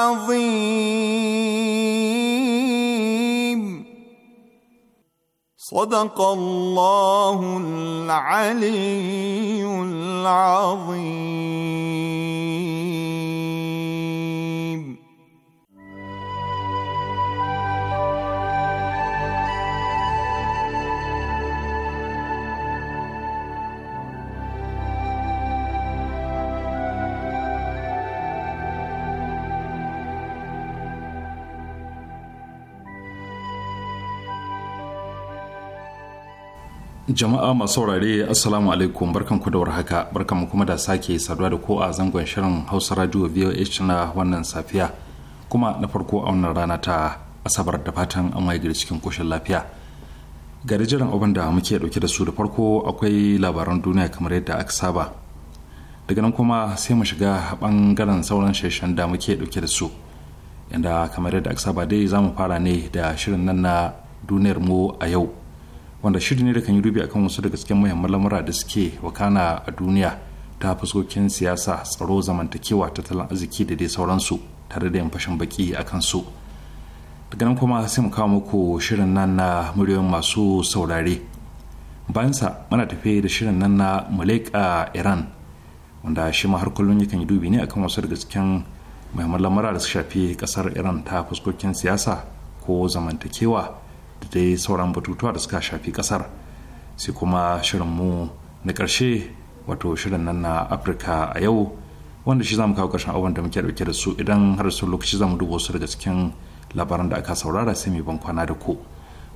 عظيم صدق الله العلي العظيم Jama'a masu saurare Assalamu alaikum barkan ku da warhaka mu kuma da sake saduwa da ko a zangon shirin Hausa Radio VOH na wannan safiya kuma na farko a wannan rana ta Asabar da fatan an waye gari cikin koshin lafiya. Gari jiran abin da muke dauke da su da farko akwai labaran duniya kamar yadda aka saba. Daga nan kuma sai mu shiga bangaren sauran sheshen da muke dauke da su. Inda kamar yadda aka saba dai za mu fara ne da shirin nan na duniyar mu a yau. wanda shirin ne da kan yi dubi akan wasu daga cikin muhimman lamura da suke wakana a duniya ta fuskokin siyasa tsaro zamantakewa tattalin arziki da dai sauransu tare da yin fashin baki a kansu daga nan kuma sai mu kawo muku shirin nan na muryoyin masu saurare bayan sa muna tafe da shirin nan na a iran wanda shi ma har kullum yakan yi dubi ne akan wasu daga cikin muhimman lamura da su shafi kasar iran ta fuskokin siyasa ko zamantakewa da yi sauran batutuwa da suka shafi kasar sai kuma shirin mu na ƙarshe wato shirin nan na afirka a yau wanda shi zamu kawo ƙarshen abubuwan da muke dauke da su idan har su lokaci zamu duba su daga cikin labaran da aka saurara sai mai ban kwana da ku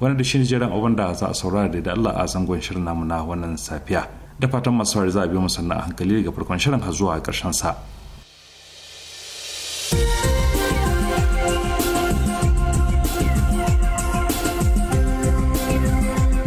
wani da shi ne jiran abin da za a saurara da Allah a zangon shirin namu na wannan safiya da fatan masu za a biyo mu sannan a hankali daga farkon shirin har zuwa ƙarshen sa.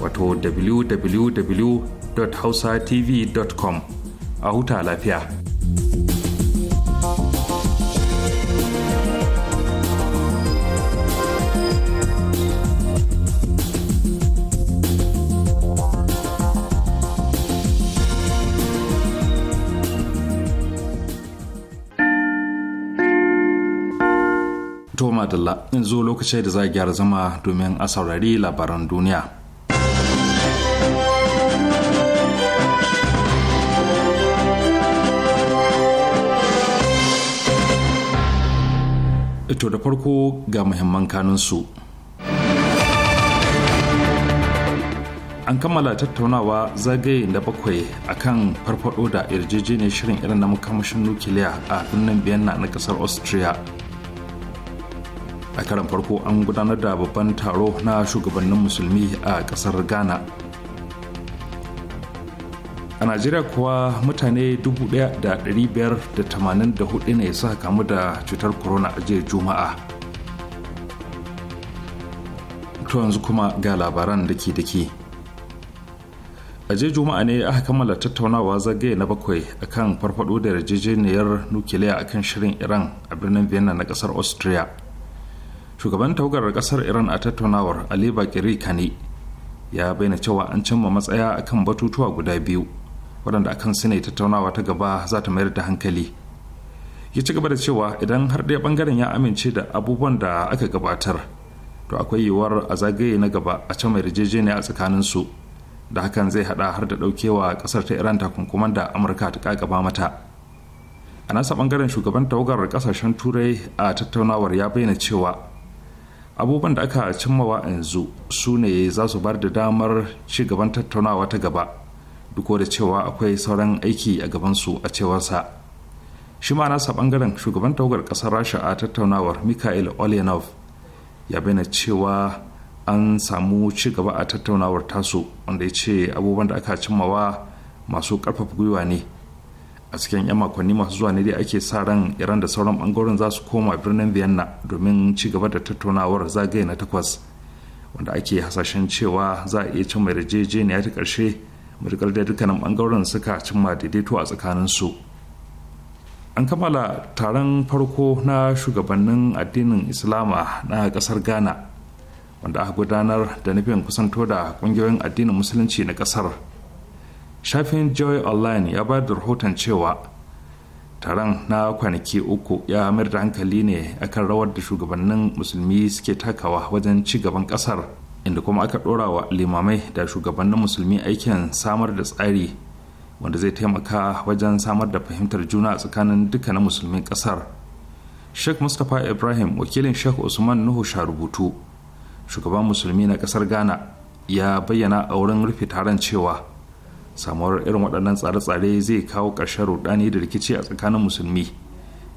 wato www.hausatv.com a huta lafiya. Toma Dalla, in zo lokacin da za a gyara zama domin a saurari labaran duniya. To da farko ga muhimman kanunsu. An kammala tattaunawa zagaye da bakwai akan farfado da yarjejeniyar shirin irin na makamashin nukiliya a birnin biyanna na kasar Austria. A karan farko an gudanar da babban taro na shugabannin musulmi a kasar Ghana. a najeriya kuwa mutane 1,584 ne suka kamu da cutar corona a jiya juma'a to yanzu kuma ga labaran da ke dake a jiya juma'a ne aka kammala tattaunawa zagaye na bakwai akan farfado da yarjejeniyar nukiliya akan shirin iran a birnin vienna na kasar austria shugaban tawagar kasar iran a tattaunawar ali bakiri kane ya bayyana cewa an cimma matsaya akan batutuwa guda biyu waɗanda akan su ne tattaunawa ta gaba za ta mayar da hankali ya ci gaba da cewa idan har ɗaya ɓangaren ya amince da abubuwan da aka gabatar to akwai yiwuwar a zagaye na gaba a can mai yarjejeniya a tsakanin su da hakan zai haɗa har da ɗaukewa ƙasar ta iran takunkuman da amurka ta ƙaƙaba mata a nasa ɓangaren shugaban tawagar ƙasashen turai a tattaunawar ya bayyana cewa abubuwan da aka cimmawa yanzu su ne za su bar da damar ci gaban tattaunawa ta gaba duk da cewa akwai sauran aiki a gabansu a cewarsa shi ma nasa bangaren shugaban tawagar kasar rasha a tattaunawar mikhail olenov ya bayyana cewa an samu ci gaba a tattaunawar tasu wanda ya ce abubuwan da aka cimma wa masu karfafa gwiwa ne a cikin 'yan makonni masu zuwa ne dai ake sa ran iran da sauran bangaren za su koma birnin vienna domin ci gaba da tattaunawar zagaye na takwas wanda ake hasashen cewa za a iya cin mai yarjejeniya ta ƙarshe matuƙar da dukkanin bangaren suka cimma daidaito a tsakanin su an kammala taron farko na shugabannin addinin islama na kasar ghana wanda aka gudanar da nufin kusanto da kungiyoyin addinin musulunci na kasar. shafin joy online ya ba da rahoton cewa taron na kwanaki uku ya mayar da hankali ne akan rawar da shugabannin musulmi suke takawa wajen ci gaban kasar inda kuma aka ɗora wa limamai da shugabannin musulmi aikin samar da tsari wanda zai taimaka wajen samar da fahimtar juna a tsakanin dukkanin musulmin ƙasar sheikh mustapha ibrahim wakilin sheikh usman nuhu sharubutu shugaban musulmi na ƙasar ghana ya bayyana a wurin rufe taron cewa samuwar irin waɗannan tsare-tsare zai kawo ƙarshen rudani da rikici a tsakanin musulmi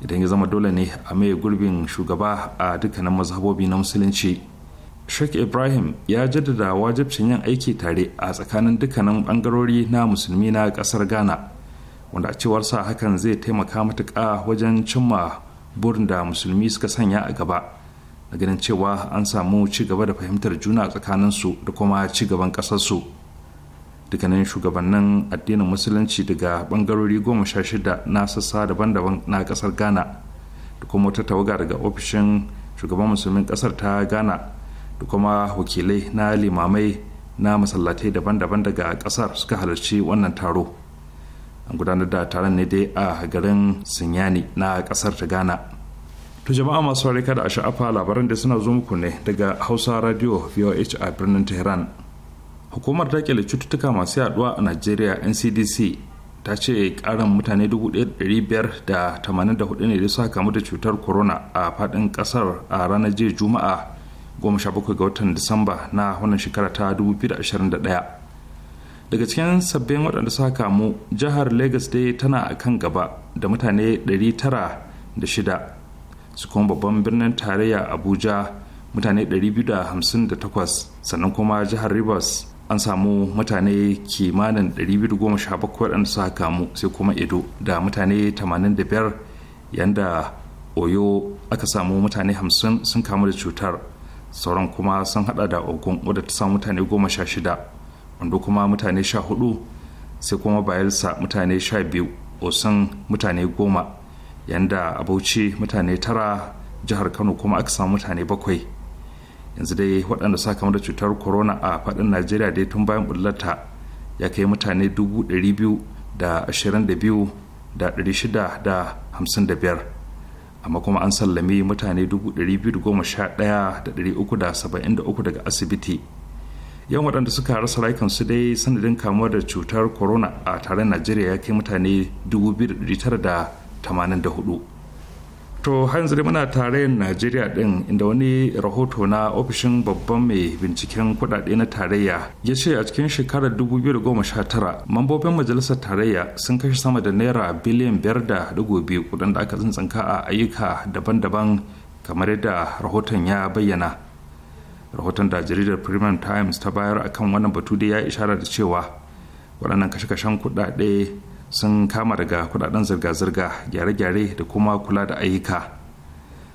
idan ya zama dole ne a maye gurbin shugaba a dukkanin mazhabobi na musulunci sheikh ibrahim ya jaddada wajibcin yin aiki tare a tsakanin dukkanin bangarori na musulmi na kasar ghana wanda a cewarsa hakan zai taimaka matuƙa wajen cimma burin da musulmi suka sanya a gaba na ganin cewa an samu ci gaba da fahimtar juna tsakanin su da kuma ci gaban su dukkanin shugabannin addinin musulunci daga bangarori goma sha shida na sassa daban-daban na kasar ghana da kuma wata tawaga daga ofishin shugaban musulmin kasar ta ghana da kuma wakilai na limamai na masallatai daban-daban daga kasar suka halarci wannan taro an gudanar da taron ne dai a garin sinyani na kasar ta ghana to jama'a masu harika da sha'afa labaran da suna zo muku ne daga hausa radio voh a birnin tehran hukumar dakile cututtuka masu yaduwa a nigeria ncdc ta ce karin mutane 1584 ne da suka kamu da cutar corona a fadin ƙasar a ranar jiya juma'a 17 ga watan disamba na wannan shekara ta 2021 daga cikin sabbin waɗanda suka kamu jihar lagos dai tana a kan gaba da mutane 906 su kuma babban birnin tarayya abuja mutane 258 sannan kuma jihar rivers an samu mutane kimanin 217 waɗanda suka kamu sai kuma edo da mutane 85 yanda oyo aka samu mutane 50 sun kamu da cutar sauran kuma sun hada da ogun wadda ta sa mutane goma sha shida wanda kuma mutane sha hudu sai kuma bayelsa mutane sha biyu osun mutane goma yanda a bauchi mutane tara jihar kano kuma aka samu mutane bakwai yanzu dai waɗanda sa da cutar corona a faɗin najeriya dai tun bayan bullata ya kai mutane dubu ɗari biyu da ashirin da biyu da ɗari shida da hamsin da biyar amma kuma an sallame mutane 211,373 daga asibiti yawan waɗanda suka rasa rayukansu dai sanadin kamuwa da cutar corona a taron najeriya ya kai mutane 2,984 to hanzari muna tarayyar najeriya din inda wani rahoto na ofishin babban mai binciken kudade na tarayya ya ce a cikin shekarar 2019 mambobin majalisar tarayya sun kashe sama da naira biliyan 5.2 kudin da aka tsantsanka a ayyuka daban-daban kamar yadda rahoton ya bayyana rahoton da jaridar premium times ta bayar akan wannan batu da ya ishara da cewa waɗannan kashe-kashen kudade sun kama daga kudaden zirga-zirga gyare-gyare da kuma kula da ayyuka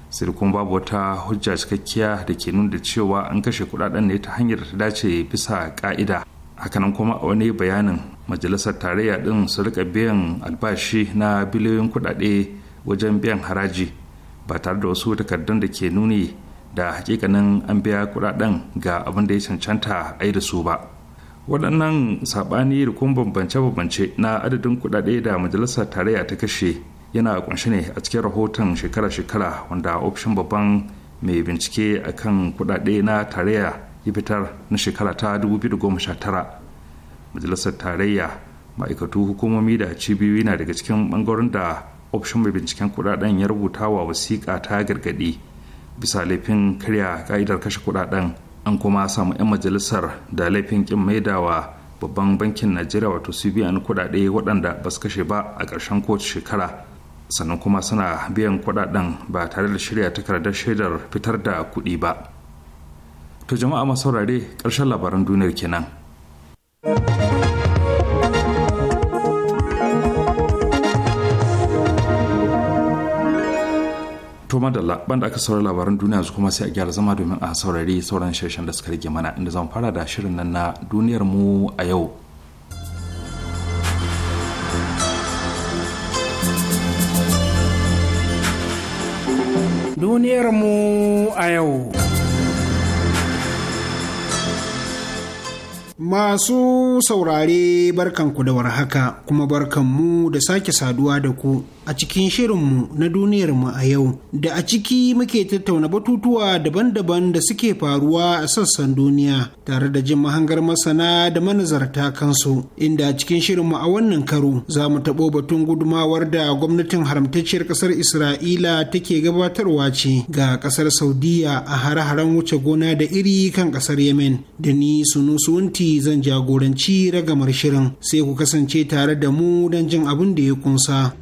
sai kuma babu wata hujja cikakkiya da ke nuna da cewa an kashe kudaden ne ta hanyar ta dace bisa ka'ida hakanan kuma a wani bayanin majalisar tarayya din su rika biyan albashi na biliyoyin kudade wajen biyan haraji ba tare da wasu takardun da ke nuni da hakikanin an biya kudaden ga abin da ya cancanta ai da su ba waɗannan saɓani da kuma bambance-bambance na adadin kuɗaɗe da majalisar tarayya ta kashe yana kunshe ne a cikin rahoton shekara-shekara wanda ofishin babban mai bincike a kan kuɗaɗe na tarayya ya fitar na shekara ta 2019 majalisar tarayya ma'aikatu hukumomi da cibiyoyi na daga cikin ɓangaren da ofishin mai binciken kuɗaɗen ya rubuta wa wasiƙa ta gargaɗi bisa laifin karya ka'idar kashe kuɗaɗen an kuma samu 'yan majalisar da laifin kin maidawa babban bankin najeriya wato cbn kudade waɗanda ba su kashe ba a ƙarshen kowace shekara sannan kuma suna biyan kudaden ba tare da shirya takardar shaidar fitar da kuɗi ba to jama'a masaurare ƙarshen labaran duniyar kenan. To madalla banda aka saurari labaran duniya su kuma sai a gyara zama domin a saurari sauran shirshen da suka rage mana inda zan fara da shirin nan na duniyar mu a yau. Duniyar mu a yau. Masu saurare barkanku da warhaka kuma mu da sake saduwa da ku a cikin shirinmu na duniyarmu a yau da a ciki muke tattauna batutuwa daban-daban da suke faruwa a sassan duniya tare da jin mahangar masana da manazarta kansu inda a cikin shirinmu a wannan karo za mu taɓo batun gudumawar da gwamnatin haramtacciyar ƙasar isra'ila take gabatarwa ce ga ƙasar saudiya a hare-haren wuce gona da iri kan ƙasar yemen da ni sunusunti zan jagoranci ragamar shirin sai ku kasance tare da mu don jin abin da ya kunsa.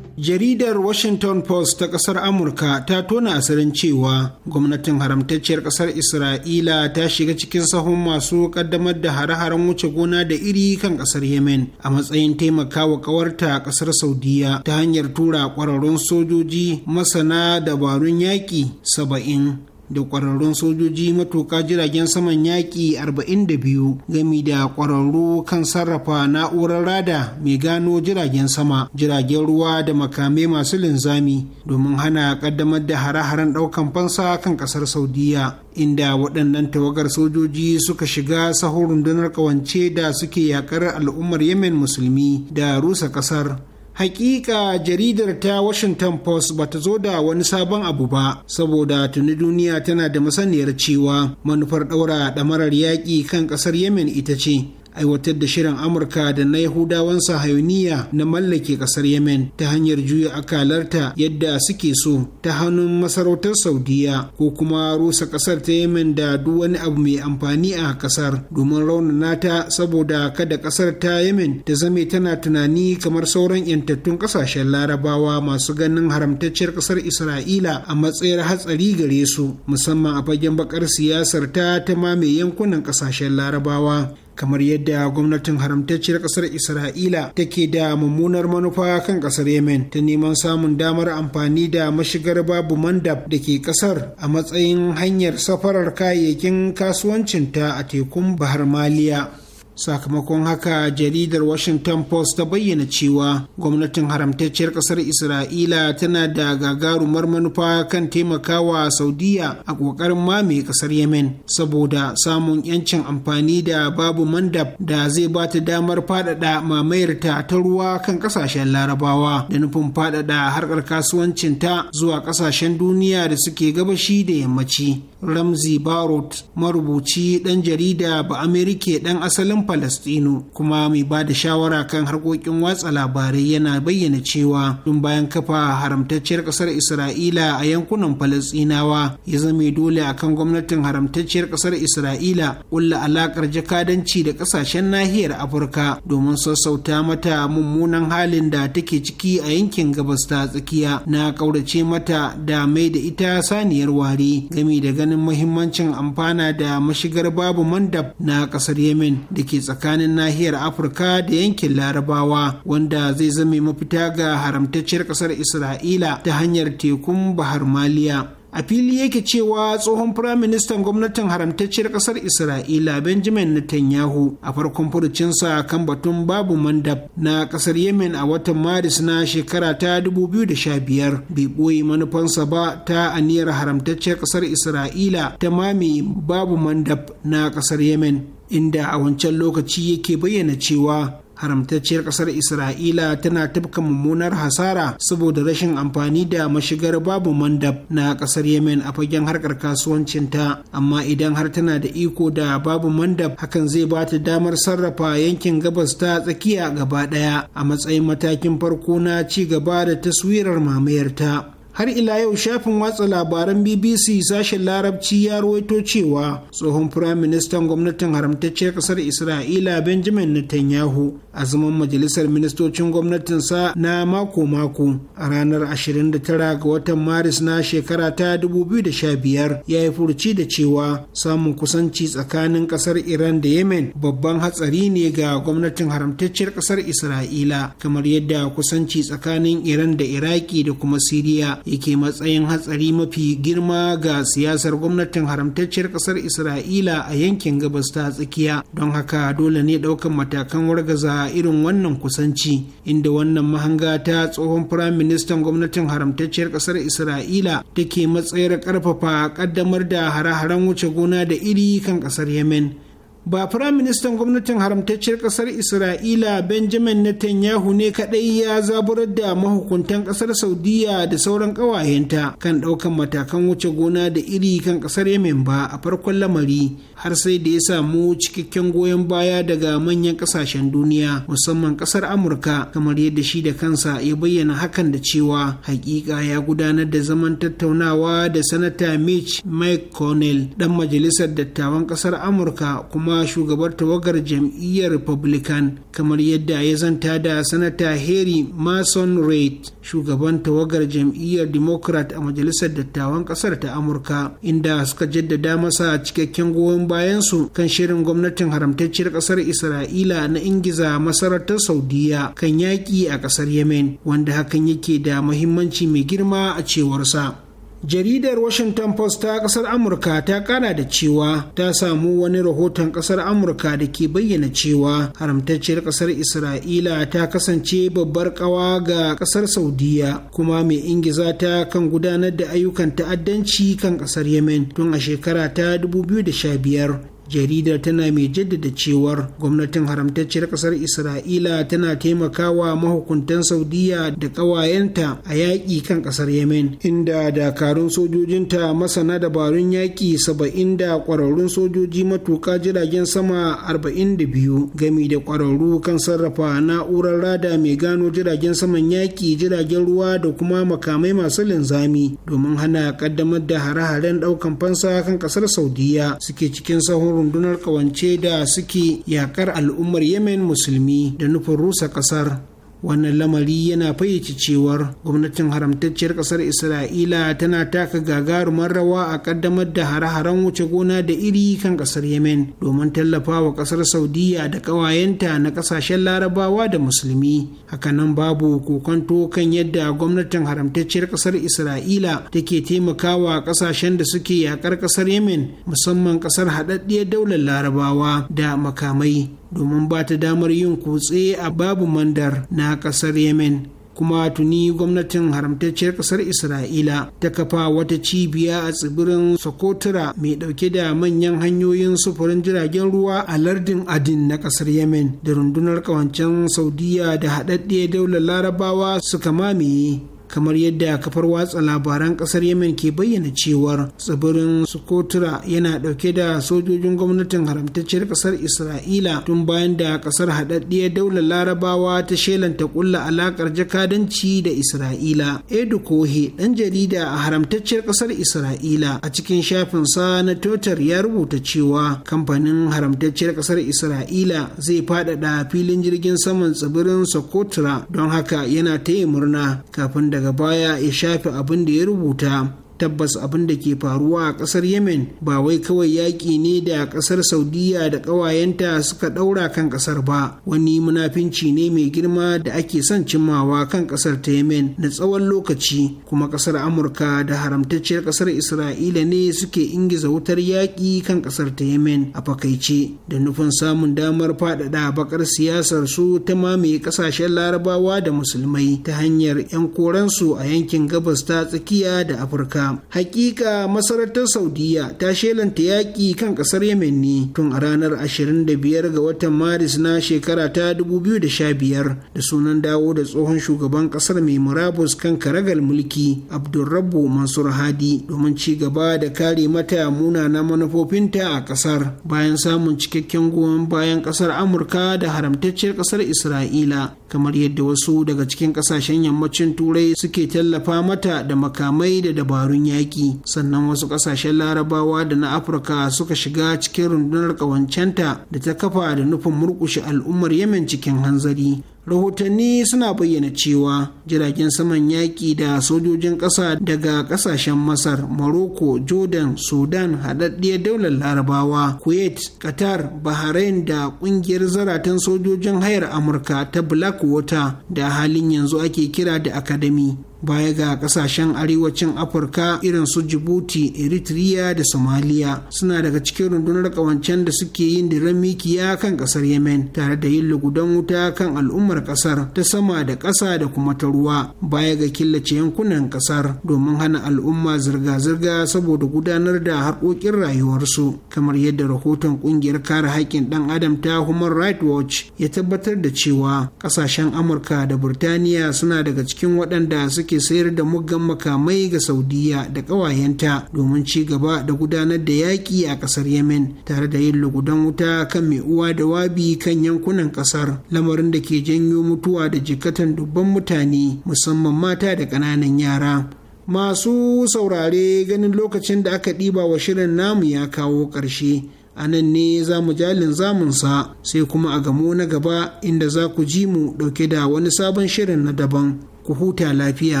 jaridar washington post ta kasar amurka ta tona asirin cewa gwamnatin haramtacciyar kasar isra'ila ta shiga cikin sahun masu kaddamar da hare-haren wuce gona da iri kan kasar yemen a matsayin taimakawa kawarta kasar saudiya ta hanyar tura kwararrun sojoji masana dabarun yaƙi saba'in da kwararrun sojoji matuƙa jiragen saman yaƙi 42 gami da kwararru kan sarrafa na'urar rada mai gano jiragen sama jiragen ruwa da makamai masu linzami domin hana ƙaddamar da hare-haren ɗaukan fansa kan ƙasar saudiya inda waɗannan tawagar sojoji suka shiga sahun rundunar ƙawance da suke yaƙar al'ummar yemen musulmi da rusa ƙasar hakika jaridar ta washington post ba ta zo da wani sabon abu ba saboda tuni duniya tana da masaniyar cewa manufar ɗaura ɗamarar yaƙi kan ƙasar yemen ita ce aiwatar da shirin amurka da na yahudawan sahayuniya na mallake kasar yemen ta hanyar juya akalarta yadda suke so ta hannun masarautar saudiya ko kuma rusa kasar ta yemen da duk wani abu mai amfani a kasar domin raunana ta saboda kada kasar ta yemen ta zame tana tunani kamar sauran yantattun kasashen larabawa masu ganin haramtacciyar kasar isra'ila a matsayar hatsari gare su musamman a fagen bakar siyasar ta ta mame yankunan kasashen larabawa kamar yadda gwamnatin haramtacciyar kasar isra'ila take da mummunar manufa kan kasar yemen ta neman samun damar amfani da mashigar babu mandab da ke ƙasar a matsayin hanyar safarar kayayyakin kasuwancinta a tekun bahar maliya sakamakon haka jaridar washington post ta bayyana cewa gwamnatin haramtacciyar kasar isra'ila tana da gagarumar manufa kan taimakawa saudiya a ƙoƙarin mame kasar yemen saboda samun yancin amfani da babu mandab da zai ba ta damar faɗaɗa mamayarta ta ruwa kan ƙasashen larabawa da nufin faɗaɗa harkar kasuwancinta zuwa ƙasashen duniya da suke gabashi da yammaci Ramzi Barot marubuci ɗan jarida ba Amerike ɗan asalin Falastinu kuma mai ba da shawara kan harkokin watsa labarai yana bayyana cewa tun bayan kafa haramtacciyar ƙasar Isra'ila a yankunan Falastinawa ya zame dole akan gwamnatin haramtacciyar ƙasar Isra'ila ƙulla alaƙar jakadanci da ƙasashen nahiyar Afirka domin sassauta mata mummunan halin da take ciki a yankin gabas ta tsakiya na ƙaurace mata da mai da ita saniyar ware game da ganin ganin muhimmancin amfana da mashigar babu mandab na kasar yemen da ke tsakanin nahiyar afirka da yankin larabawa wanda zai zame mafita ga haramtacciyar kasar isra'ila ta hanyar tekun bahar maliya a fili yake cewa tsohon firaministan gwamnatin haramtacciyar ƙasar isra'ila benjamin netanyahu a farkon furucinsa kan batun babu mandab na ƙasar yemen a watan maris na shekara ta 2015 bai ɓoye manufansa ba ta aniyar haramtacciyar ƙasar isra'ila ta mami babu mandab na ƙasar yemen inda a wancan lokaci yake bayyana cewa haramtacciyar kasar isra'ila tana tafka mummunar hasara saboda rashin amfani da mashigar babu mandab na ƙasar yemen a fagen harkar kasuwancinta amma idan har tana da iko da babu mandab hakan zai ba ta damar sarrafa yankin gabas ta tsakiya gaba ɗaya, a matsayin matakin farko na ci gaba da taswirar mamayarta har ila yau shafin watsa labaran bbc sashen larabci ya ruwaito cewa tsohon firaministan gwamnatin haramtacciyar kasar isra'ila benjamin netanyahu a zaman majalisar ministocin gwamnatinsa na mako-mako a ranar 29 ga watan maris na shekara ta 2015 ya yi furuci da cewa samun kusanci tsakanin kasar iran da yemen babban hatsari ne ga gwamnatin haramtacciyar kasar isra'ila kamar yadda kusanci tsakanin iran da iraki da kuma siriya yake matsayin hatsari mafi girma ga siyasar gwamnatin haramtacciyar kasar isra'ila a yankin gabas ta tsakiya don haka dole ne daukan matakan wargaza irin wannan kusanci inda wannan mahanga ta tsohon firaministan gwamnatin haramtacciyar kasar isra'ila take matsayar karfafa kaddamar da hare-haren wuce gona da iri kan kasar yemen ba firaministan gwamnatin haramtacciyar kasar isra'ila benjamin netanyahu ne kadai ya zaburar da mahukuntan kasar saudiya da sauran kawayenta kan daukan matakan wuce gona da iri kan kasar yemen ba a farkon lamari har sai da ya samu cikakken goyon baya daga manyan kasashen duniya musamman kasar amurka kamar yadda shi da kansa ya bayyana hakan da cewa hakika ya gudanar da zaman tattaunawa da sanata mitch mcconnell dan majalisar dattawan kasar amurka kuma zama shugabar tawagar jam'iyyar republican kamar yadda ya zanta da sanata harry mason reid shugaban tawagar jam'iyyar democrat a majalisar dattawan kasar ta amurka inda suka jaddada masa cikakken goyon bayansu kan shirin gwamnatin haramtacciyar kasar isra'ila na ingiza masarautar saudiya kan yaƙi a kasar yemen wanda hakan yake da muhimmanci mai girma a cewarsa jaridar washington post ta kasar amurka ta kara da cewa ta samu wani rahoton kasar amurka da ke bayyana cewa haramtacciyar kasar isra'ila ta kasance babbar kawa ga kasar saudiya kuma mai ingiza ta kan gudanar da ayyukan ta'addanci kan kasar yemen tun a shekara ta 2015 jaridar tana mai jaddada cewar gwamnatin haramtacciyar kasar isra'ila tana taimakawa mahukuntan saudiya da ƙawayenta a yaƙi kan kasar yemen inda dakarun sojojinta masana dabarun yaƙi saba'in da ƙwararrun sojoji matuƙa jiragen sama arba'in da biyu gami da ƙwararru kan sarrafa na'urar rada mai gano jiragen saman yaƙi jiragen ruwa da kuma makamai masu linzami domin hana ƙaddamar da hare-haren ɗaukan fansa kan ƙasar saudiya suke cikin sahun rundunar kawance da suke yakar al'ummar yemen musulmi da nufin rusa kasar wannan lamari yana fayyace cewar gwamnatin haramtacciyar ƙasar isra'ila tana taka gagarumar rawa a ƙaddamar da hare-haren wuce gona da iri kan ƙasar yemen domin tallafa wa ƙasar saudiya da ƙawayenta na ƙasashen larabawa da musulmi hakanan babu kokonto kan yadda gwamnatin haramtacciyar ƙasar isra'ila take taimakawa ƙasashen da suke yakar ƙasar yemen musamman ƙasar haɗaɗɗiyar daular larabawa da makamai domin ba ta damar yin kutse a babu mandar na ƙasar yemen kuma tuni gwamnatin haramtacciyar ƙasar isra'ila ta kafa wata cibiya a tsibirin sokotura mai ɗauke da manyan hanyoyin sufurin jiragen ruwa a lardin adin na ƙasar yemen da rundunar ƙawancen saudiya da haɗaɗɗe daular larabawa suka mamaye kamar yadda kafar watsa labaran kasar yemen ke bayyana cewar tsibirin sukotura yana dauke da sojojin gwamnatin haramtacciyar kasar isra'ila tun bayan da kasar haɗaɗɗiyar daular larabawa ta shelanta kulla alakar jakadanci da isra'ila edu kohe ɗan jarida a haramtacciyar kasar isra'ila a cikin shafin sa na totar ya rubuta cewa kamfanin haramtacciyar kasar isra'ila zai faɗaɗa filin jirgin saman tsibirin sokotura don haka yana yi murna kafin da daga baya ya shafe abin da ya rubuta tabbas abin da ke faruwa a ƙasar yemen ba wai kawai yaƙi ne da ƙasar saudiya da ƙawayenta suka ɗaura kan ƙasar ba wani munafinci ne mai girma da ake son cimmawa kan ƙasar ta yemen na tsawon lokaci kuma ƙasar amurka da haramtacciyar ƙasar isra'ila ne suke ingiza wutar yaƙi kan ƙasar ta yemen a fakaice da nufin samun damar faɗaɗa bakar siyasar su ta mamaye ƙasashen larabawa da musulmai ta hanyar 'yan koransu a yankin gabas ta tsakiya da afirka Haƙiƙa! hakika masarautar saudiya ta shelanta yaƙi kan ƙasar yemen ne tun a ranar 25 ga watan maris na shekara ta 2015 da sunan dawo da tsohon shugaban ƙasar mai murabus kan karagal mulki abdulrabu mansur hadi domin ci gaba da kare mata munana manufofinta a ƙasar bayan samun cikakken goyon bayan ƙasar amurka da haramtacciyar ƙasar isra'ila kamar yadda wasu daga cikin kasashen yammacin turai suke tallafa mata da makamai da dabarun yaƙi sannan wasu kasashen larabawa da na afirka suka shiga cikin rundunar ƙawancenta da ta kafa da nufin murƙushe al'ummar yemen cikin hanzari rahotanni suna bayyana cewa jiragen saman yaƙi da sojojin ƙasa daga ƙasashen masar maroko jordan sudan haɗaɗɗiyar daular larabawa kuwait qatar bahrain da ƙungiyar zaratan sojojin hayar amurka ta blackwater da halin yanzu ake kira da academy baya ga kasashen arewacin afirka irin su jibuti eritrea da somaliya suna daga cikin rundunar kawancen da suke yin diran mikiya kan kasar yemen tare da yin lugudan wuta kan al'ummar kasar ta sama da ƙasa da kuma ta ruwa baya ga killace yankunan kasar domin hana al'umma zirga-zirga saboda gudanar da harkokin rayuwarsu kamar yadda rahoton kungiyar kare haƙƙin dan adam ta human right watch ya tabbatar da cewa kasashen amurka da burtaniya suna daga cikin waɗanda suke ke sayar da muggan makamai ga saudiya da ƙawayenta domin ci gaba da gudanar da yaƙi a ƙasar yemen tare da yin lugudan wuta kan mai uwa da wabi kan yankunan ƙasar lamarin da ke janyo mutuwa da jikatan dubban mutane musamman mata da ƙananan yara masu saurare ganin lokacin da aka ɗiba wa shirin namu ya kawo ƙarshe a nan ne za mu jalin zamunsa sai kuma a gamo na gaba inda za ku ji mu ɗauke da wani sabon shirin na daban ku huta lafiya.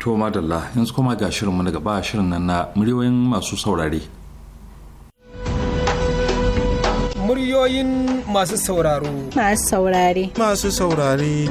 To madalla yanzu kuma ga shirinmu na gaba shirin nan na muryoyin masu saurare. muryoyin masu sauraro. Masu saurare. Masu saurare.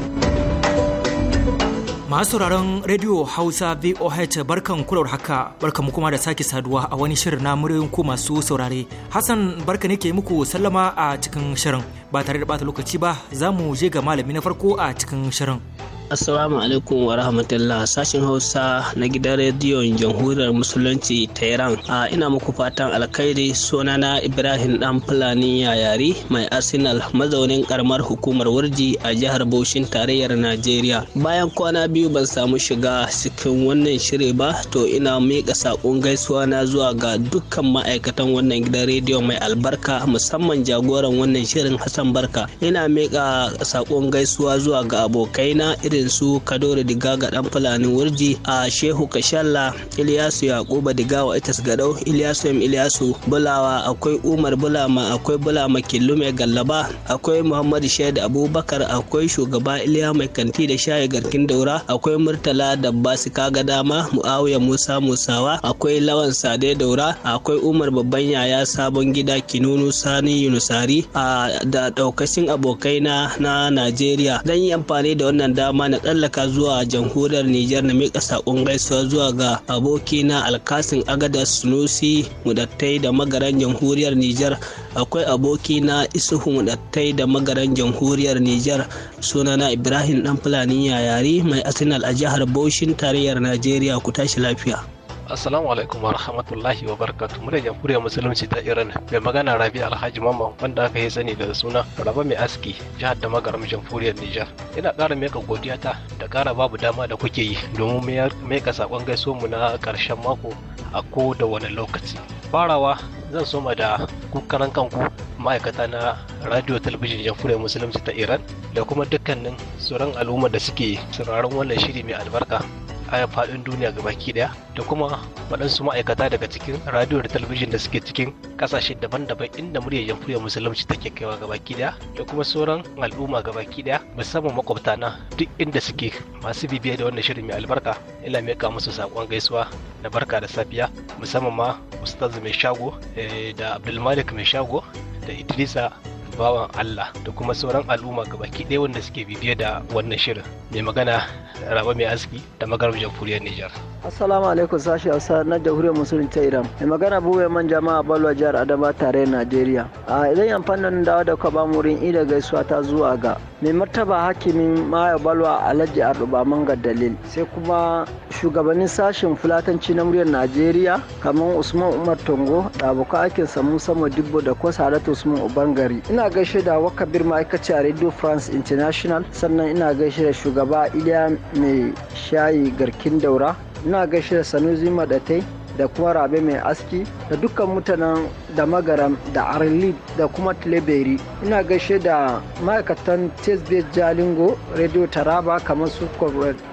Masu sauraron Radio Hausa VOH barkan kular haka barkan mu kuma da sake saduwa a wani shirin na muryoyin ku masu saurare. Hassan barka ne ke muku sallama a cikin shirin ba tare da bata lokaci ba za mu je ga malami na farko a cikin shirin. Assalamu alaikum wa rahmatullah sashen Hausa na gidan rediyon Jamhuriyar Musulunci ta A ina muku fatan alkhairi sunana Ibrahim Dan Fulani Yayari mai Arsenal mazaunin karamar hukumar Warji a jihar Boshin tarayyar Najeriya. Bayan kwana biyu ban samu shiga cikin wannan shiri ba to ina mika saƙon gaisuwa na zuwa ga dukkan ma'aikatan wannan gidan rediyo mai albarka musamman jagoran wannan shirin Hassan Barka. Ina miƙa saƙon gaisuwa zuwa ga abokaina irin su kadore digaga dan fulani wurji a shehu kashalla iliyasu yakuba digawa itas gadau iliyasu m iliyasu bulawa akwai umar bulama akwai bulama killume gallaba akwai muhammad shaidu abubakar akwai shugaba iliya mai kanti da shayi garkin daura akwai murtala da basu kaga dama muawiya musa musawa akwai lawan sade daura akwai umar babban yaya sabon gida kinunu sani yunusari a da daukacin abokaina na najeriya zan yi amfani da wannan dama na tsallaka zuwa jamhuriyar Nijar na miƙa saƙon gaisuwa zuwa ga abokina Alkasin Agada Sunusi Mudattai da magaran jamhuriyar Nijar akwai abokina Isuhu Mudattai da magaran jamhuriyar Nijar sunana Ibrahim ɗan Fulani Yayari mai Arsenal a jihar Bauchin tarayyar Najeriya ku tashi lafiya. Assalamu alaikum wa rahmatullahi wa barakatuh mu da jamhuriyar musulunci ta Iran mai magana Rabi Alhaji Mamman wanda aka yi sani da suna Raba mai aski jihar da magaram jamhuriyar Nijar. Ina ƙara godiya godiyata da ƙara babu dama da kuke yi domin ka sakon gaisuwar mu na ƙarshen mako a ko da wani lokaci. Farawa zan soma da kukaran kanku ma'aikata na radio talabijin jamhuriyar musulunci ta Iran da kuma dukkanin tsoron al'umma da suke sauraron wannan shiri mai albarka. a faɗin duniya gabaki ɗaya da kuma waɗansu ma'aikata daga cikin radiyo da talabijin da suke cikin ƙasashe daban-daban inda muryar jamhuriyar musulunci take kaiwa gabaki ɗaya da kuma sauran al'umma gabaki ɗaya musamman makwabta na duk inda suke masu bibiya da wannan shirin mai albarka ina miƙa musu saƙon gaisuwa da barka da safiya musamman ma ustaz mai shago eh, da abdulmalik mai shago da idrisa bawan Allah da kuma sauran al'umma ga baki ɗaya wanda suke bibiye da wannan shirin mai magana raba mai aski da magaram jamhuriyar Nijar. Assalamu alaikum sashi Hausa na Jamhuriyar Musulun ta Iran. Mai magana buwe man jama'a Balwa jihar Adama tare Najeriya. A idan yan fannin dawo da kwaba murin ida gaisuwa ta zuwa ga mai martaba hakimin Maya Balwa Alhaji Arduba Manga Dalil. Sai kuma shugabannin sashen Fulatanci na muryar Najeriya kamar Usman Umar Tongo da abokan aikin sa Musa Modibo da kuma Salatu Usman Ubangari. Ina gaishe da Wakabir ma'aikaci a Radio France International sannan ina gaishe da shugaba Iliya mai shayi garkin daura ina gaishe da sanusi madatai da kuma rabe mai aski da dukkan mutanen da magaram da arlid da kuma tileberi ina gaishe da ma'aikatan tesbe jalingo radio taraba kamar su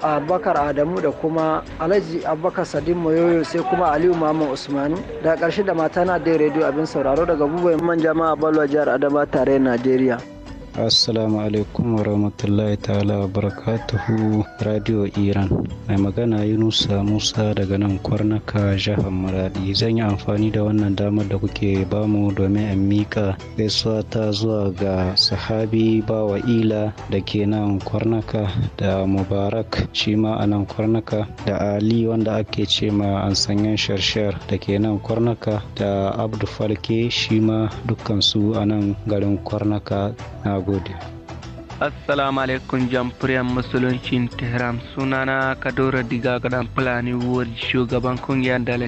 abubakar adamu da kuma alhaji abakar sadin moyoyo sai kuma aliyu mamman usmanu da karshe da na dai radio abin sauraro daga bubai man jama'a balwa jihar adama tare najeriya Assalamu alaikum wa rahmatullahi ta'ala wa barakatuhu Radio Iran. Mai magana Yunusa Musa daga nan kwarnaka jihar Maradi. Zan yi amfani da wannan damar da kuke bamu domin in mika gaisuwa ta zuwa ga sahabi bawa ila da ke nan kwarnaka da Mubarak shi ma a nan kwarnaka da Ali wanda ake ce ma an sanyan sharshar da ke nan kwarnaka da Abdu Falke shi ma dukkansu a nan garin kwarnaka. Na gode assalamu alaikum jamhuriyar musuluncin tehran sunana kadora diga gadan fulani wuwar shugaban kungiyar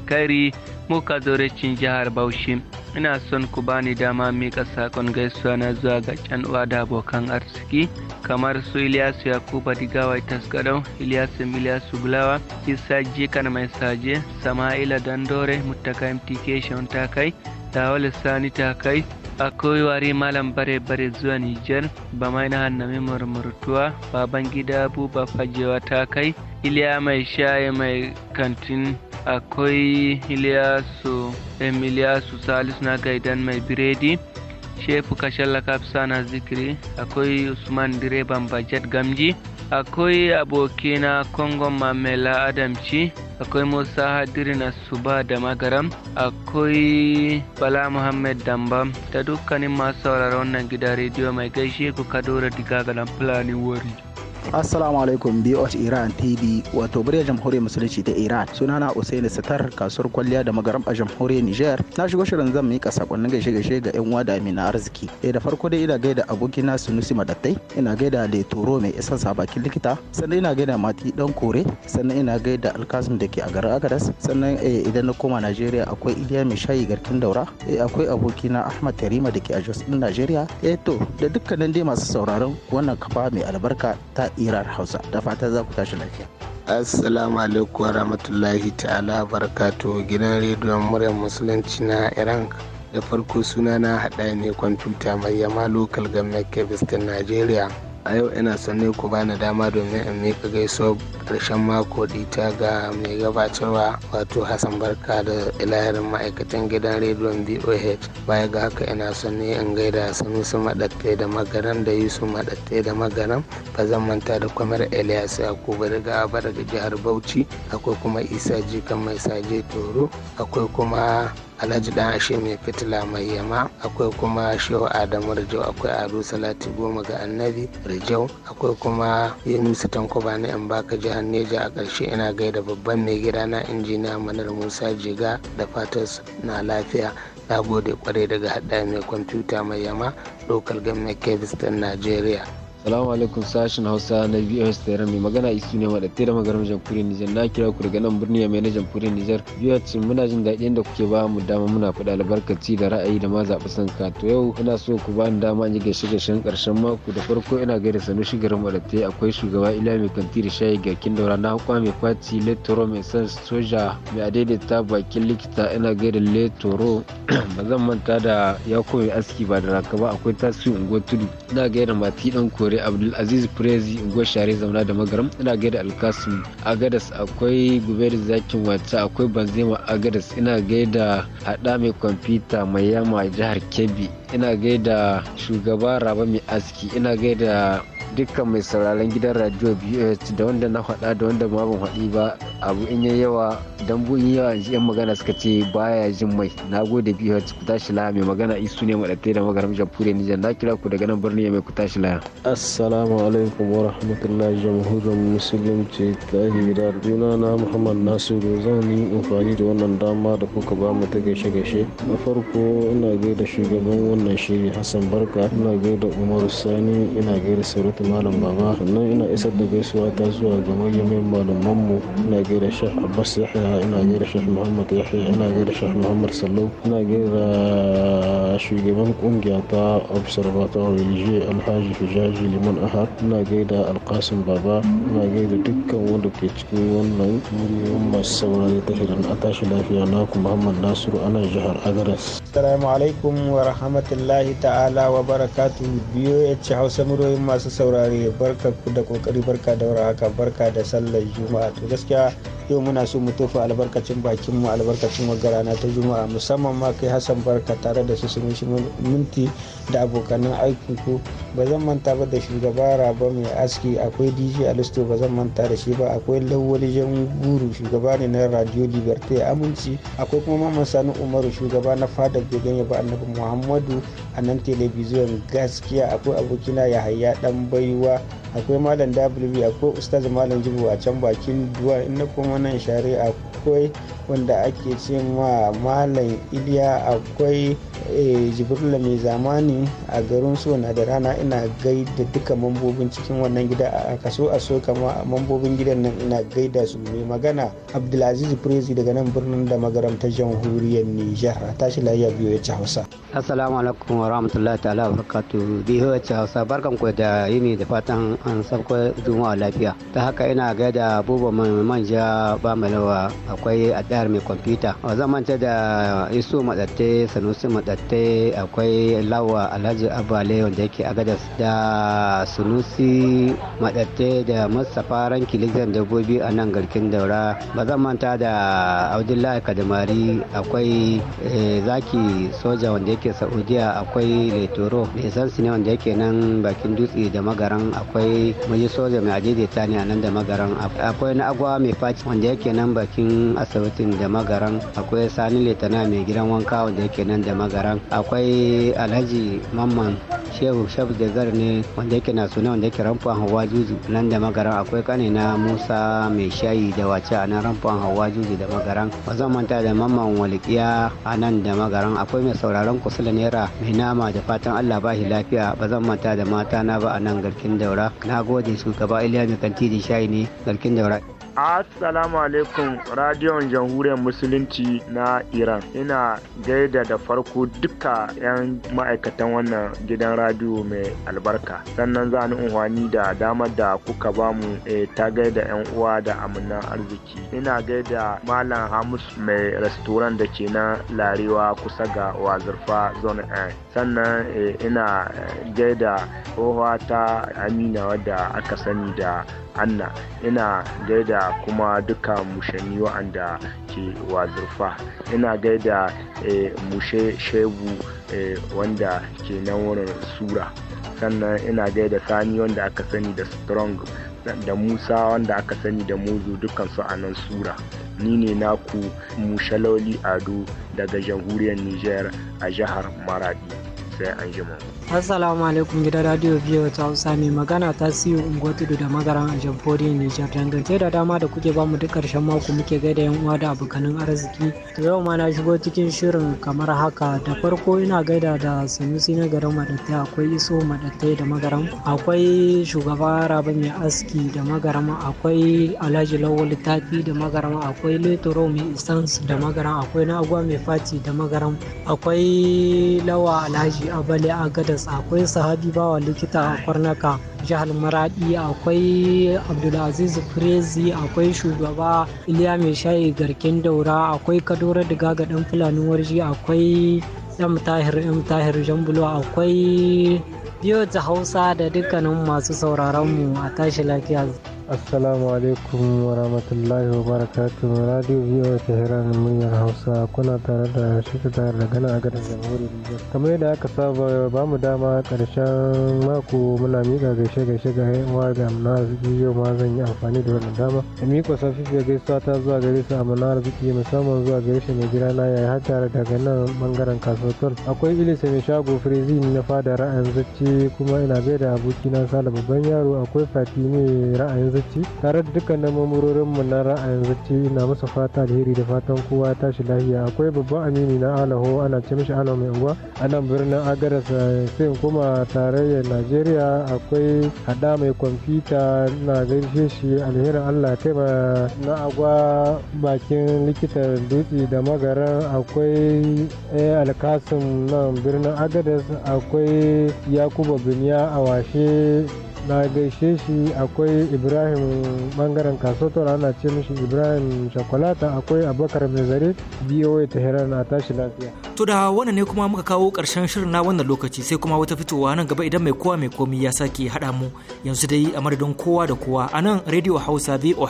mu ka zorecin jihar bauchi ina son ku bani dama mika sakon gaisuwa na zuwa ga can uwa da abokan arziki kamar su Ilyasu Yakuba Digawa Tasgadau, Ilyasu Miliyasu Gulawa, Isa Jikan Mai Saje, Sama'ila Dandore, Mutaka MTK Shon Takai, Dawal Sani Takai, akwai wari malam bare bare zuwa nijar ba mai na hannami murmurtuwa baban gida buba fajewa ta kai iliya mai shaye mai kantin akwai Iliya su Emiliya su salisu na gaidan mai biredi shefu kashalla lakafisa na zikiri akwai usman direban bajet gamji akwai abokina kongon mamela adamci akwai musa hadiri na suba da magaram akwai bala muhammed dambam da dukkanin masu sauraron wannan gida rediyo mai gaishe ku kadora diga ga fulani wari Assalamu alaikum BOH Iran TV wato muryar jamhuriyar musulunci ta Iran sunana Usaini Sitar kasuwar kwalliya da magaram a jamhuriyar Niger na shigo shirin zan mika sakonnin gaishe gaishe ga yan uwa da amina arziki eh da farko dai ina gaida abokina Sunusi Madattai ina gaida Toro mai isan bakin likita sannan ina gaida Mati dan kore sannan ina gaida Alkasum da ke a garin Agadas sannan eh, idan na koma Najeriya akwai Iliya mai shayi garkin daura eh akwai abokina Ahmad Tarima da ke a Jos din Najeriya eh to da dukkanin dai masu sauraron wannan kafa mai albarka ta irar hausa da fata za ku tashi lafiya assalamu alaikum wa rahmatullahi ta'ala barakatu gidan rediyon muryar musulunci na iran da farko suna na haɗa ne kwamfuta mai yama lokal gwamnati kebistin najeriya a yau ina sanne ku bani dama domin in miƙa gaisuwar ƙarshen mako dita ga mai gabatarwa wato hassan barka da ilayarin ma'aikatan gidan rediyon boh baya ga haka ina sanne in gaida sanusi madatte da magaran da yusuf madatte da magaran ba zan manta da kwamar elias yakubu daga aba daga jihar bauchi akwai kuma isa jikan mai saje toro akwai kuma alhaji dan ashe mai fitila mai yama akwai kuma shehu adamu rijau akwai ado salati goma ga annabi rijau akwai kuma yunusa tankoba na yan jihar neja a ƙarshe ina gaida babban mai gida na injiniya manar musa jiga da fatas na lafiya na gode kwarai daga hada mai kwamfuta mai yama local government kebis din najeriya Salamu alaikum sashen Hausa na VOS Tare mai magana isu ne madatte da magaram jamhuriyar Nijar na kira ku daga nan birni mai na jamhuriyar Nijar. VOS muna jin daɗi da kuke ba mu dama muna faɗa albarkaci da ra'ayi da ma zaɓi sanka. To yau ina so ku ba ni dama in yi gaishe gaishen ƙarshen mako da farko ina gaida sanu shigarin madatte akwai shugaba Ila mai kanti da shayi kin daura na hukwa mai faci letoro mai san soja mai adaidaita bakin likita ina gaida letoro ba zan manta da ya mai aski ba da raka ba akwai tasiri unguwar tudu ina gaida mati dan kore da abdulaziz prezi unguwar share zauna da magaram ina gaida alkasim agadas akwai guberi zakin wata akwai banzema agadas ina gaida hada mai kwamfuta mai yama jihar kebbi ina gaida shugaba raba mai aski ina gaida dukkan mai sauraron gidan radio BOH da wanda na faɗa da wanda ma ban faɗi ba abu in yi yawa don bu in yawa yan magana suka ce baya jin mai na gode BOH ku tashi laya mai magana isu ne maɗatai da magaram jamhuriyar Nijar na kira ku daga nan birni mai ku tashi laya. Assalamu alaikum wa rahmatullahi jamhuriyar musulunci ta hira juna na Muhammad Nasiru zan yi amfani da wannan dama da kuka ba mu ta gaishe-gaishe. Na farko ina gaida shugaban wannan shi hassan barka ina gaida Umar sani ina gaida sarauta malam baba sannan ina isar da gaisuwa ta zuwa ga manyan malaman mu ina gaida Sheikh abbas yahya ina gaida Sheikh muhammad yahya ina gaida Sheikh muhammad sallau ina gaida shugaban kungiya ta observatory je alhaji fijaji liman ahad ina gaida alkasim baba ina gaida dukkan wanda ke cikin wannan muryoyin masu saurari ta shirin a tashi lafiya naku muhammad nasiru ana jihar agaras assalamu alaikum wa rahmatullahi rahmatullahi ta'ala wa barakatu biyo ya ci hausa muryoyin masu saurare barka da kokari barka da haka barka da sallar juma'a to gaskiya yau muna so mu tofa albarkacin bakin mu albarkacin wagarana ta juma'a musamman ma kai hassan barka tare da su sunushi minti da abokanan aikin ku ba zan manta ba da shugaba raba mai aski akwai dj alisto ba zan manta da shi ba akwai lawali jan guru shugaba ne na radio liberté aminci akwai kuma mamman sani umaru shugaba na fadar gidan ba annabi muhammadu a nan telebijiyon gaskiya akwai abokina yahaya dan baiwa akwai malam w akwai ustaz malam jibo a can bakin duwa inda kuma nan share akwai wanda ake ce ma malam iliya akwai eh, jibrila mai zamani a garin su na da rana ina gaida duka mambobin cikin wannan gida a kaso a so kama mambobin gidan nan ina gaida su mai magana abdulaziz prezi daga nan birnin da magaramtar jamhuriyar nijar a tashi lafiya biyu ya ci hausa assalamu alaikum wa rahmatullahi ta'ala wa barakatuhu biyu ya ci hausa barkan ku da yini da fatan an sabko juma'a lafiya ta haka ina gaida buba mai manja ba malawa akwai adar mai kwamfuta a ta da isu matsatte sanusi matsatte akwai lawa alhaji abale wanda yake a gadas da sunusi matsatte da mustapha ranki likitan dabbobi a nan garkin daura ba zan manta da abdullahi kadamari akwai eh, zaki soja wanda yake saudiya akwai leturo mai sansu ne wanda yake nan bakin dutse da magaran akwai akwai muji soja mai adaidaita ne a nan da magaran akwai na agwa mai faci wanda yake nan bakin asibitin da magaran akwai sani letana mai gidan wanka wanda yake nan da magaran akwai alhaji mamman shehu shaf gar ne wanda yake na suna wanda yake ramfan hawa juju nan da magaran akwai kane na musa mai shayi da wace a nan ramfan hawa juju da magaran ba zan manta da mamman walikiya a nan da magaran akwai mai sauraron kusula naira mai nama da fatan allah ba lafiya ba zan manta da mata na ba a nan garkin daura na gode shugaba iliya mai kanti da shayi ne garkin daura Assalamu alaikum radiyon jamhuriyar musulunci na Iran. Ina gaida da farko duka 'yan ma'aikatan wannan gidan radiyo mai albarka. Sannan za ni unhwani da damar da kuka bamu e, eh, ta gaida 'yan uwa da amina arziki. Ina gaida Malam Hamus mai restoran da ke na Larewa kusa ga Wazirfa Zone A. Sannan eh, ina eh, gaida tsohuwa ta Amina wadda aka sani da anna ina gaida kuma duka mushani wa'anda ke wazirfa ina gaida eh, mushe shebu eh, wanda ke nan wurin sura sannan ina gaida sani wanda aka sani da strong da musa wanda aka sani da mozu dukansu a nan sura ni ne naku mushaloli ado daga jamhuriyar niger a jihar maradi sai an Assalamu alaikum gidan radio biyu ta Hausa mai magana ta siyo unguwar da magaran a jamhuriyar Nijar dangance da dama da kuke bamu duk karshen mako muke gaida yan uwa da abokanin arziki. To yau ma na shigo cikin shirin kamar haka da farko ina gaida da Sanusi na garin Madatta akwai Iso Madattai da magaran akwai shugaba mai aski da magaran akwai Alhaji Lawal Tafi da magaran akwai Letoro mai Isans da magaran akwai Nagwa mai Fati da magaran akwai Lawa Alhaji asibiti a bale a gadas akwai sahabi bawa likita a kwarnaka jihar maradi akwai abdulaziz firezi akwai shugaba iliya mai shayi garkin daura akwai kadora diga ga dan warji akwai yan tahir yan tahir jambulo akwai biyo ta hausa da dukkanin masu sauraron mu a tashi lafiya Assalamu alaikum wa rahmatullahi wa barakatuh Radio VOA Tehran muryar Hausa kuna tare da shirka tare da gana a gadar jamhuriyar Nijar. Kamar yadda aka saba ba mu dama karshen mako muna miƙa gaishe gaishe ga yawa ga amina arziki yau ma zan yi amfani da wannan dama. Da miƙa safifiyar gaisuwa ta zuwa gare su amina arziki musamman zuwa gare shi mai gida na yayi har tare daga nan bangaren kasuwar. Akwai ilisa mai shago Firizi na fada ra'ayin zacce kuma ina gaida abokina Sale babban yaro akwai Fatime ra'ayin zuci tare da na mamurorin mu na ra'ayin zuci ina musu fata alheri da fatan kowa ta tashi lafiya akwai babban amini na alaho ana ce mishi alaho mai unguwa a nan birnin agadas sai kuma tarayyar najeriya akwai hada mai kwamfuta na gaishe shi alherin allah kai ma na agwa bakin likitan dutse da magaran akwai alkasim nan birnin agadas akwai yakuba biniya a washe na gaishe shi akwai ibrahim bangaren kasotora ana ce mishi ibrahim shakwalata akwai abubakar mai zare biyo ta hira na tashi lafiya to da wannan ne kuma muka kawo karshen shirin na wannan lokaci sai kuma wata fitowa nan gaba idan mai kowa mai komi ya sake haɗa mu yanzu dai a madadin kowa da kowa a nan rediyo hausa voh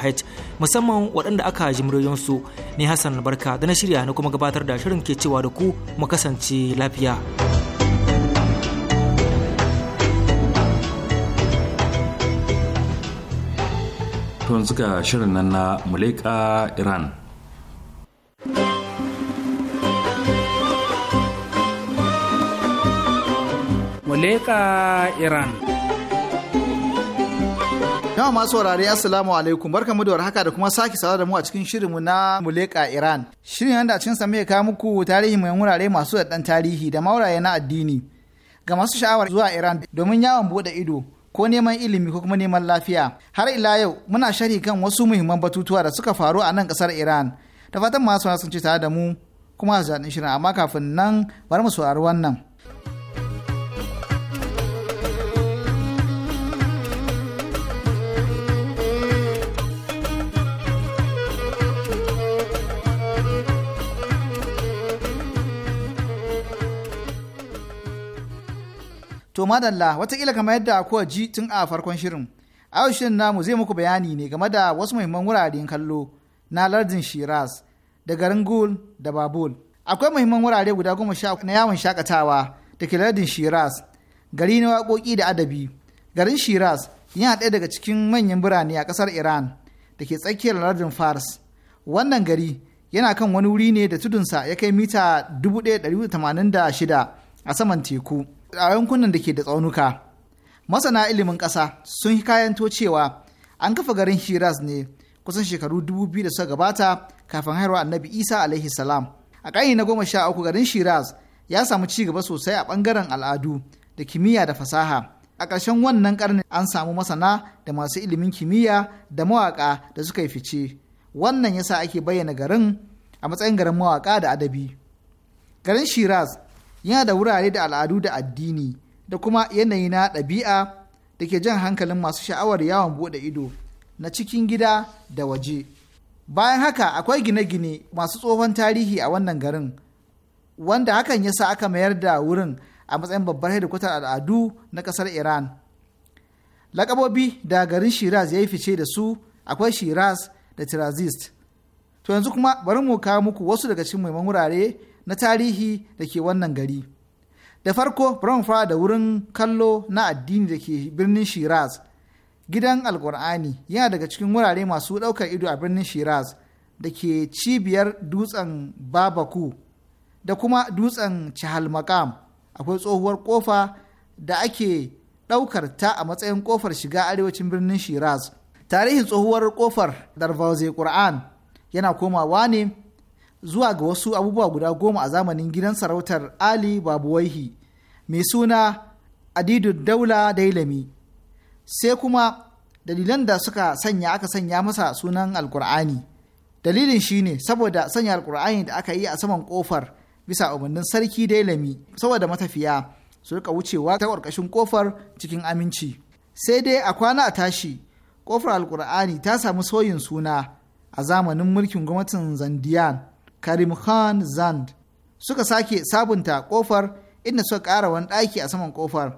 musamman waɗanda aka ji su ne hassan barka da na shirya na kuma gabatar da shirin ke cewa da ku mu kasance lafiya. yanzu ga shirin nan na muleka iran muleka iran yawan masu wurare assalamu alaikum barka mu da warhaka da kuma sake sawa da mu a cikin shirinmu na muleka iran shirin yadda a cikin sa mai kawo muku tarihi mai wurare masu da tarihi da mauraye na addini ga masu sha'awar zuwa iran domin yawon buɗe ido ko neman ilimi ko kuma neman lafiya har ila yau muna sharhi kan wasu muhimman batutuwa da suka faru a nan kasar iran da fatan masu sun ce tare da mu kuma a shirin amma kafin nan bari mu saurari wannan. To madalla watakila kamar yadda kuwa ji tun a farkon shirin. A shirin namu zai muku bayani ne game da wasu muhimman wuraren kallo na lardin Shiraz da garin Gul da Babul. Akwai muhimman wurare guda goma sha na yawon shakatawa da ke lardin Shiraz, gari na waƙoƙi da adabi. Garin Shiraz yana ɗaya daga cikin manyan birane a ƙasar Iran da ke tsakiyar lardin Fars. Wannan gari yana kan wani wuri ne da tudunsa ya kai mita 1,186 a saman teku. a yankunan da ke da tsaunuka. Masana ilimin ƙasa sun kayanto cewa an kafa garin Shiraz ne kusan shekaru dubu biyu da suka gabata kafin haihuwa annabi Isa alaihi salam. A ƙarni na goma sha uku garin Shiraz ya samu ci gaba sosai a ɓangaren al'adu da kimiyya da fasaha. A ƙarshen wannan ƙarni an samu masana da masu ilimin kimiyya da mawaƙa da suka yi fice. Wannan yasa ake bayyana garin a matsayin garin mawaƙa da adabi. Garin Shiraz yana da wurare da al'adu da addini da kuma yanayi na ɗabi'a da ke jan hankalin masu sha'awar yawon buɗe ido na cikin gida da waje. Bayan haka akwai gine-gine masu tsohon tarihi a wannan garin, wanda hakan ya sa aka mayar da wurin a matsayin babbar hedikwatar al'adu na ƙasar Iran. Lakabobi da garin Shiraz ya yi fice da su akwai Shiraz da Tirazist. To yanzu kuma bari mu kawo muku wasu daga cikin muhimman wurare na tarihi da ke wannan gari. Da farko Brown fara da wurin kallo na addini da ke birnin Shiraz. Gidan Alƙur'ani yana daga cikin wurare masu ɗaukar ido a birnin Shiraz da ke cibiyar dutsen Babaku da kuma dutsen Chahalmakam. Akwai tsohuwar ƙofa da ake ɗaukar ta a matsayin ƙofar shiga arewacin birnin Shiraz. Tarihin tsohuwar ƙofar Darvaze Qur'an yana komawa ne zuwa ga wasu abubuwa guda goma a zamanin gidan sarautar Ali Babuwaihi mai suna Adidu Daula Dailami sai kuma dalilan da suka sanya aka sanya masa sunan Alkur'ani dalilin shi ne saboda sanya Alkur'ani da aka yi a saman kofar bisa umarnin sarki Dailami saboda matafiya su rika wucewa ta ƙarƙashin kofar cikin aminci sai dai a kwana a tashi kofar Alkur'ani ta samu sauyin suna a zamanin mulkin gwamnatin Zandiyan Karim Khan Zand suka sake sabunta kofar inda suka ƙara wani ɗaki a saman kofar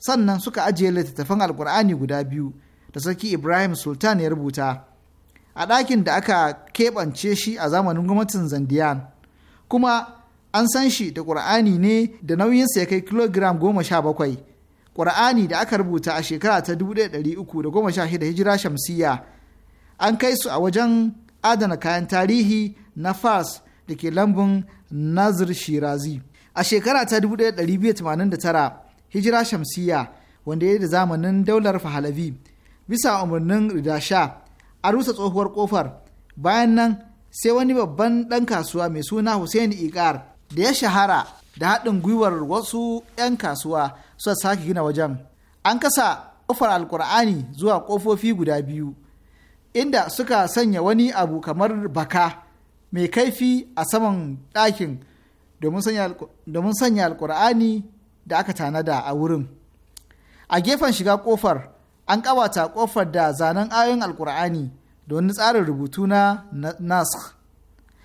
sannan suka ajiye littattafan alkur'ani guda biyu da sarki Ibrahim Sultan ya rubuta a ɗakin da aka keɓance shi a zamanin gwamnatin Zandiyan kuma an san shi da ƙur'ani ne da nauyinsa ya kai kilogiram goma sha bakwai ƙur'ani da aka rubuta a shekara ta dubu ɗaya ɗari uku da goma sha shida hijira shamsiyya an kai su a wajen adana kayan tarihi na fas da ke lambun nazir shirazi a shekara ta 1289 hijira shamsiya wanda ya yi da zamanin daular fahalabi bisa umarnin ridasha a rusa tsohuwar kofar bayan nan sai wani babban ɗan kasuwa mai suna hussein iqar da ya shahara da haɗin gwiwar wasu 'yan kasuwa suka sake gina wajen an kasa ƙofar alkur'ani zuwa ƙofofi guda biyu inda suka sanya wani abu kamar baka mai kaifi a saman ɗakin domin sanya alkur'ani da aka tanada a wurin a gefen shiga ƙofar an ƙawata ƙofar da zanen ayoyin alkur'ani don tsarin rubutu na nask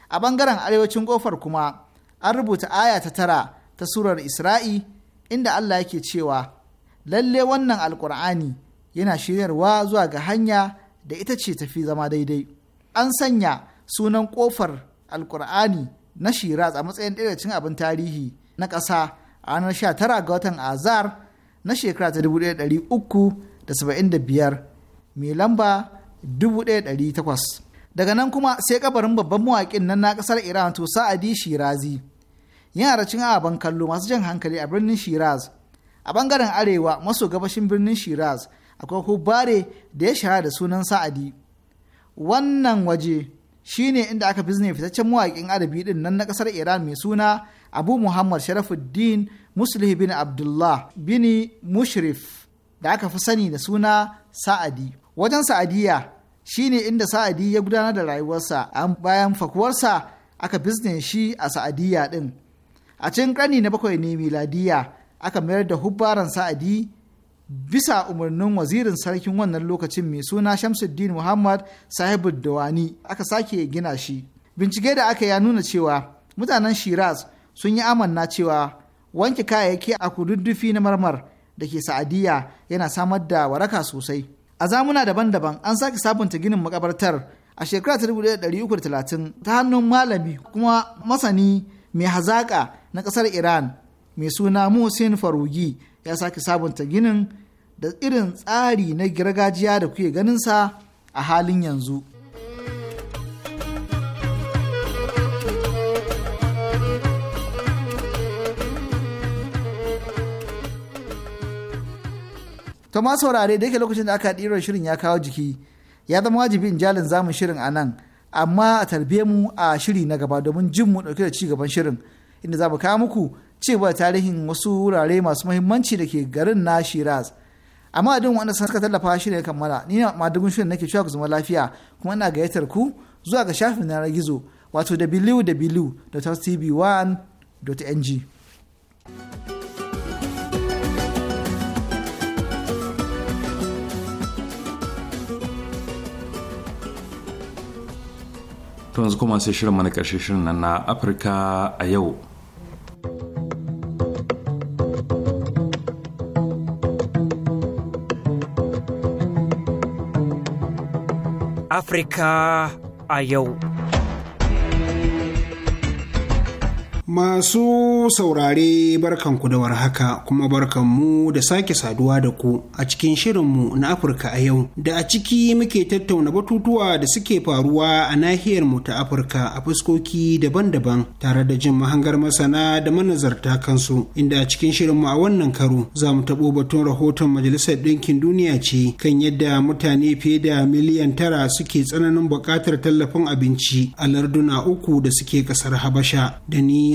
a ɓangaren arewacin ƙofar kuma an rubuta aya ta tara ta surar isra'i inda allah yake cewa lalle wannan alkur'ani yana shiryarwa zuwa ga hanya da ita ce tafi zama daidai an sanya sunan kofar alkur'ani na shiraz a matsayin ɗaya cin abin tarihi na ƙasa a ranar tara ga watan azar na shekara ta da da saba'in biyar mai lamba 1800 daga nan kuma sai kabarin babban mawaƙin nan na ƙasar iran to sa'adi shirazi yana cin abin kallo masu jan hankali a birnin shiraz a bangaren arewa maso gabashin birnin shiraz akwai hubare da ya shahara da sunan sa'adi wannan waje shine inda aka bizne fitaccen mawaƙin adabi din nan na ƙasar Iran mai suna Abu Muhammad Sharafuddin Muslih bin Abdullah bin Mushrif da aka fi sani da suna Sa'adi. Wajen Sa'adiyya shine inda Sa'adi ya gudanar da rayuwarsa an bayan fakuwarsa aka bizne shi a Sa'adiya din. A cikin ƙarni na bakwai ne miladiya aka mayar da hubbaran Sa'adi bisa umarnin wazirin sarkin wannan lokacin mai suna Shamsuddin Muhammad Sahibu Dawani aka sake gina shi. Bincike da aka ya nuna cewa mutanen Shiraz sun yi amanna cewa wanke kayayyaki a kududdufi na marmar da ke sa'adiyya yana samar da waraka sosai. A zamuna daban-daban an sake sabunta ginin makabartar a shekara 1330 ta hannun malami kuma masani mai hazaƙa na kasar Iran mai suna Muhsin Farugi ya sake sabunta ginin da irin tsari na gargajiya da kuke ganin sa a halin yanzu. ta ma saurare da yake lokacin da aka ɗirar shirin ya kawo jiki ya zama wajibi in jalin zamun shirin a nan amma a tarbe mu a shiri na gaba domin jin mu ɗauke da ci gaban shirin inda za mu kawo muku cewa tarihin wasu wurare masu muhimmanci da ke garin na Shiraz. Amma duk wanda suka tallafa shi ne kammala, ni na madugun shirin nake cewa ku zama lafiya kuma ina gayyatar ku zuwa ga shafin yanar gizo wato www.tv1.ng. to yanzu kuma sai shirin mana karshe shirin nan na afirka a yau Afirka a yau. Masu saurare barkanku da warhaka kuma barkanmu da sake saduwa da ku a cikin shirinmu na Afirka a yau da a ciki muke tattauna batutuwa da suke faruwa a nahiyarmu ta Afirka a fuskoki daban-daban tare da jin mahangar masana da manazarta kansu inda a cikin shirinmu a wannan karo za mu taɓo batun rahoton Majalisar Ɗinkin Duniya ce kan yadda mutane fiye da miliyan tara suke tsananin buƙatar tallafin abinci a larduna uku da suke ƙasar Habasha da ni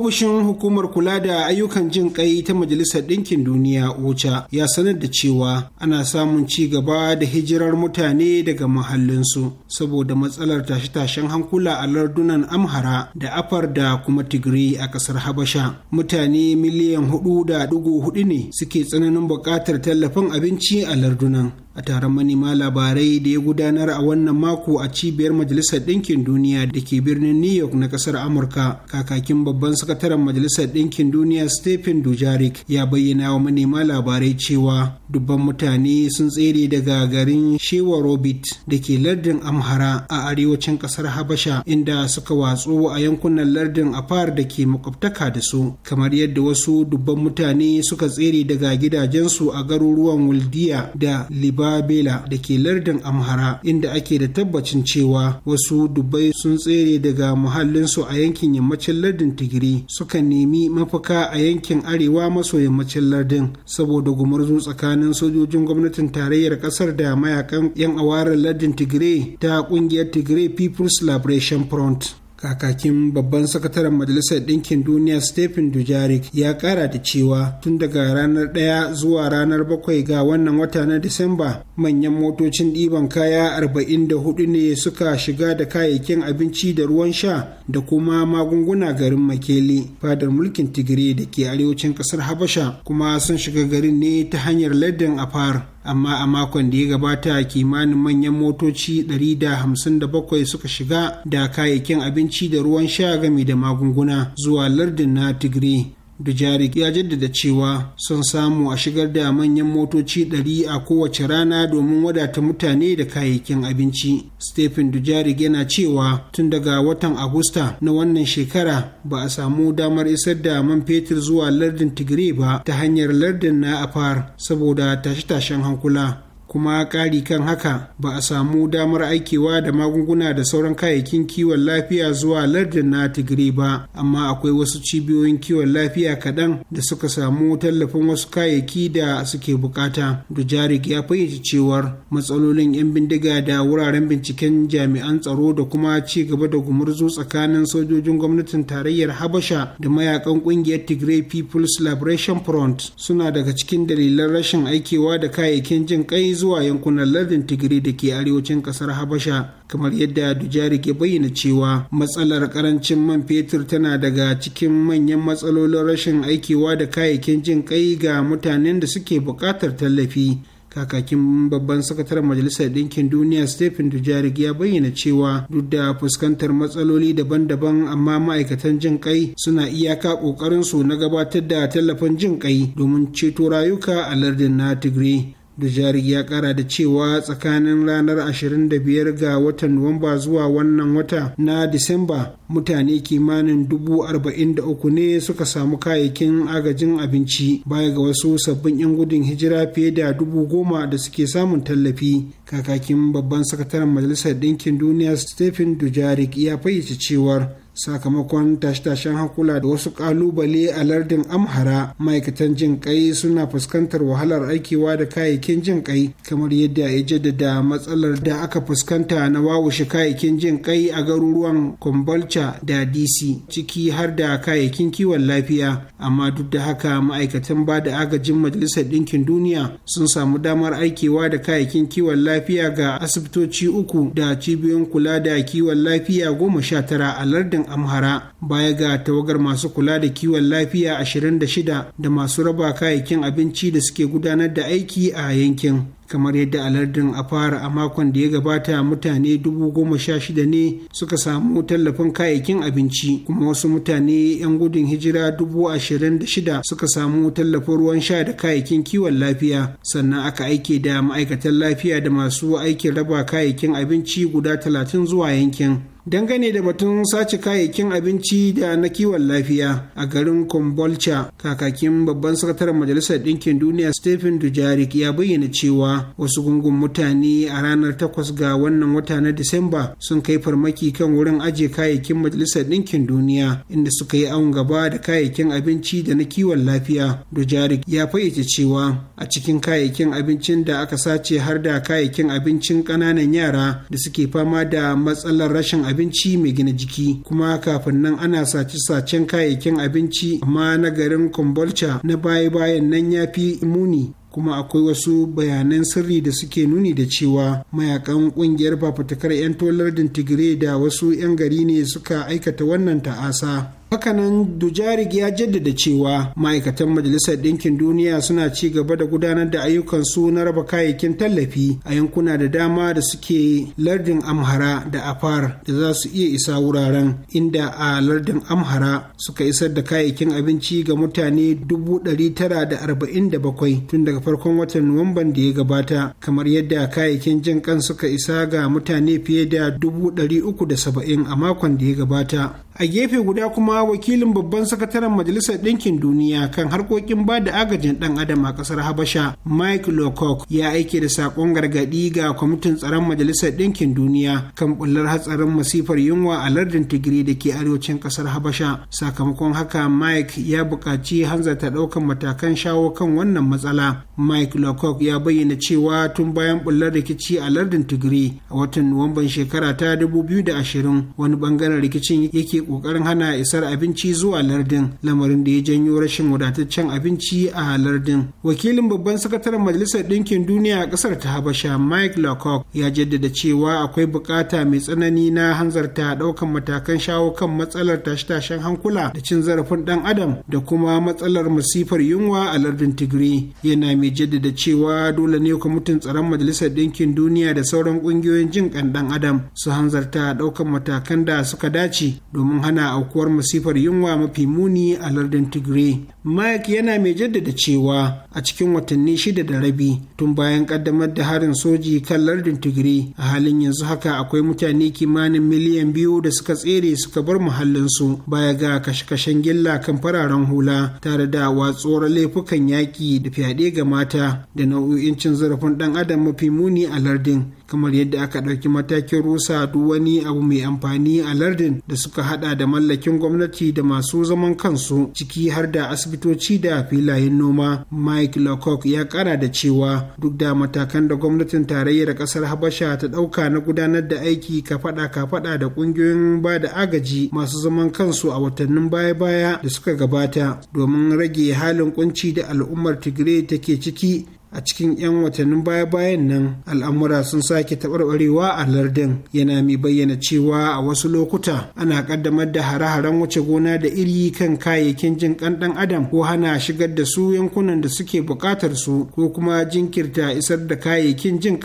ofishin hukumar kula da ayyukan jin kai ta majalisar ɗinkin duniya Oca, ya sanar da cewa ana samun ci gaba da hijirar mutane daga mahallinsu saboda matsalar tashe-tashen hankula a lardunan amhara da afar da kuma tigiri a ƙasar habasha mutane miliyan hudu da dugu hudu ne suke tsananin buƙatar tallafin abinci a lardunan a taron manema labarai da ya gudanar a wannan mako a cibiyar majalisar ɗinkin duniya da ke birnin new york na ƙasar amurka kakakin babban sakataren majalisar ɗinkin duniya stephen dujarik ya bayyana wa manema labarai cewa dubban mutane sun tsere daga garin shewa robit da ke lardin amhara a arewacin ƙasar habasha inda suka watsu a yankunan lardin afar da ke makwabtaka da su kamar yadda wasu dubban mutane suka tsere daga gidajensu a garuruwan wuldiya da liba. babela da ke lardin amhara inda ake da tabbacin cewa wasu dubbai sun tsere daga muhallinsu a yankin yammacin lardin tigiri suka nemi mafaka a yankin arewa maso yammacin lardin saboda gumurzu tsakanin sojojin gwamnatin tarayyar kasar da mayakan yan awarar lardin tigray ta kungiyar tigray people's liberation front kakakin babban sakataren majalisar ɗinkin duniya stephen dujarik ya kara da cewa tun daga ranar ɗaya zuwa ranar bakwai ga wannan wata na disamba manyan motocin ɗiban kaya arba'in da hudu ne suka shiga da kayayyakin abinci da ruwan sha da kuma magunguna garin makeli fadar mulkin tigiri da ke arewacin ƙasar habasha kuma sun shiga garin ne ta hanyar a afar amma a makon da ya gabata kimanin manyan motoci 157 suka shiga da kayayyakin abinci da ruwan sha gami da magunguna zuwa lardin na tigray Dujarik ya jaddada cewa sun samu a shigar da manyan motoci 100 a kowace rana domin wadata mutane da kayayyakin abinci. Stephen Dujarik yana cewa tun daga watan Agusta na wannan shekara ba a samu damar isar da man fetur zuwa lardin Tigray ba ta hanyar lardin na Afar saboda tashe-tashen hankula. kuma ƙari kan haka ba a samu damar aikewa da magunguna da sauran kayayyakin kiwon lafiya zuwa lardin na tigiri ba amma akwai wasu cibiyoyin kiwon lafiya kaɗan da suka samu tallafin wasu kayayyaki da suke bukata dujarik ya fayyace cewar matsalolin 'yan bindiga da wuraren binciken jami'an tsaro da kuma ci gaba da gumurzu tsakanin sojojin gwamnatin tarayyar habasha da mayakan ƙungiyar tigray people's liberation front suna daga cikin dalilan rashin aikewa da kayayyakin jin kai zuwa yankunan lardin tigiri da ke arewacin kasar habasha kamar yadda dujari ke bayyana cewa matsalar karancin man fetur tana daga cikin manyan matsalolin rashin aikewa da kayayyakin jin kai ga mutanen da suke buƙatar tallafi kakakin babban sakataren majalisar ɗinkin duniya stephen dujarik ya bayyana cewa duk da fuskantar matsaloli daban-daban amma ma'aikatan jin kai suna iyaka ƙoƙarinsu na gabatar da tallafin jin kai domin ceto rayuka a lardin na tigray Dujari ya kara da cewa tsakanin ranar 25 ga watan Nuwamba zuwa wannan wata na Disamba mutane kimanin 43,000 ne suka samu kayayyakin agajin abinci baya ga wasu sabbin 'yan gudun hijira fiye da dubu goma da suke samun tallafi. Kakakin babban sakataren Majalisar Ɗinkin Duniya Stephen Dujarik ya fayyace cewar sakamakon tashe-tashen hakula da wasu kalubale a lardin amhara ma'aikatan jin kai suna fuskantar wahalar aikewa da kayayyakin jin kai kamar yadda ya jaddada matsalar da aka fuskanta na wawushe kayayyakin jin kai a garuruwan kombolcha da dc ciki har da kayayyakin kiwon lafiya amma duk da haka ma'aikatan ba da agajin majalisar ɗinkin duniya sun samu damar aikewa da kayayyakin kiwon lafiya ga asibitoci uku da cibiyoyin kula da kiwon lafiya goma sha tara a lardin amhara baya ga tawagar masu kula da kiwon lafiya 26 da masu raba kayayyakin abinci da suke gudanar da aiki a yankin kamar yadda alardin a fara a makon da ya gabata mutane dubu shida ne suka samu tallafin kayayyakin abinci kuma wasu mutane 'yan gudun hijira dubu shida suka samu tallafin ruwan sha da kayayyakin kiwon lafiya sannan aka aike da ma'aikatan lafiya da masu aikin raba kayayyakin abinci guda talatin zuwa yankin dangane da batun sace kayayyakin abinci da na kiwon lafiya a garin kombolcha kakakin babban sakataren majalisar ɗinkin duniya stephen dujarik ya bayyana cewa wasu gungun mutane a ranar 8 ga wannan wata na disamba sun kai farmaki kan wurin ajiye kayayyakin majalisar ɗinkin duniya inda suka yi awon gaba da kayayyakin abinci da na kiwon lafiya dujarik ya fayyace cewa a cikin kayayyakin abincin da aka sace har da kayayyakin abincin ƙananan yara da suke fama da matsalar rashin abinci abinci mai gina jiki kuma kafin nan ana sace-sacen kayayyakin abinci amma na garin kombolcha na baya-bayan nan ya fi muni kuma akwai wasu bayanan sirri da suke nuni da cewa mayakan kungiyar fafatakar 'yan tolardin tigire da wasu 'yan gari ne suka aikata wannan ta'asa Hakanan Dujarig ya jaddada cewa ma'aikatan Majalisar Ɗinkin Duniya suna ci gaba da gudanar da ayyukansu na raba kayayyakin tallafi a yankuna da dama da suke lardin Amhara da Afar da za su iya isa wuraren inda a lardin Amhara suka isar da kayayyakin abinci ga mutane 947 tun daga farkon watan Nuwamban da ya gabata kamar yadda kayayyakin jin kan suka isa ga mutane fiye da 370 a makon da ya gabata. a gefe guda kuma wakilin babban sakataren majalisar ɗinkin duniya kan harkokin ba da agajin ɗan adam a ƙasar habasha mike lowcock ya aike da saƙon gargaɗi ga kwamitin tsaron majalisar ɗinkin duniya kan bullar hatsarin masifar yunwa a lardin tigiri da ke arewacin ƙasar habasha sakamakon haka mike ya buƙaci hanzarta ɗaukan matakan shawo kan wannan matsala mike lowcock ya bayyana cewa tun bayan bullar rikici a lardin tigiri a watan nuwamban shekara ta 2020 wani bangaren rikicin yake ƙoƙarin hana isar abinci zuwa lardin lamarin da ya janyo rashin wadataccen abinci a lardin wakilin babban sakataren majalisar ɗinkin duniya a ƙasar ta habasha mike lacock ya jaddada cewa akwai buƙata mai tsanani na hanzarta ɗaukan matakan shawo kan matsalar tashe-tashen hankula da cin zarafin ɗan adam da kuma matsalar masifar yunwa a lardin tigiri yana mai jaddada cewa dole ne kwamitin tsaron majalisar ɗinkin duniya da sauran ƙungiyoyin jin ƙan ɗan adam su hanzarta ɗaukan matakan da suka dace domin domin hana aukuwar masifar yunwa mafi muni a lardin tigray mike yana mai jaddada cewa a cikin watanni shida da rabi tun bayan kaddamar da harin soji kan lardin tigray a halin yanzu haka akwai mutane kimanin miliyan biyu da suka tsere suka bar muhallinsu baya ga kashe-kashen gilla kan fararen hula tare da watsuwar laifukan yaƙi da fyaɗe ga mata da nau'o'in cin zarafin ɗan adam mafi muni a lardin kamar yadda aka ɗauki matakin rusa duk wani abu mai amfani a lardin da suka hada da mallakin gwamnati da masu zaman kansu ciki har da asibitoci da filayen noma mike lecoq ya kara da cewa duk da matakan da gwamnatin tarayyar ƙasar habasha ta ɗauka na gudanar da aiki ka faɗa-ka kafaɗa da ƙungiyoyin ba da agaji masu zaman kansu a watannin baya-baya da suka gabata domin rage halin kunci da al'ummar tigray take ciki a cikin 'yan watannin baya-bayan nan al'amura sun sake taɓarɓarewa a lardin yana mai bayyana cewa a wasu lokuta ana ƙaddamar da hare-haren wuce gona da iri kan kayayyakin jin ɗan adam ko hana shigar da su yankunan da suke buƙatar su ko kuma jinkirta isar da kayayyakin jin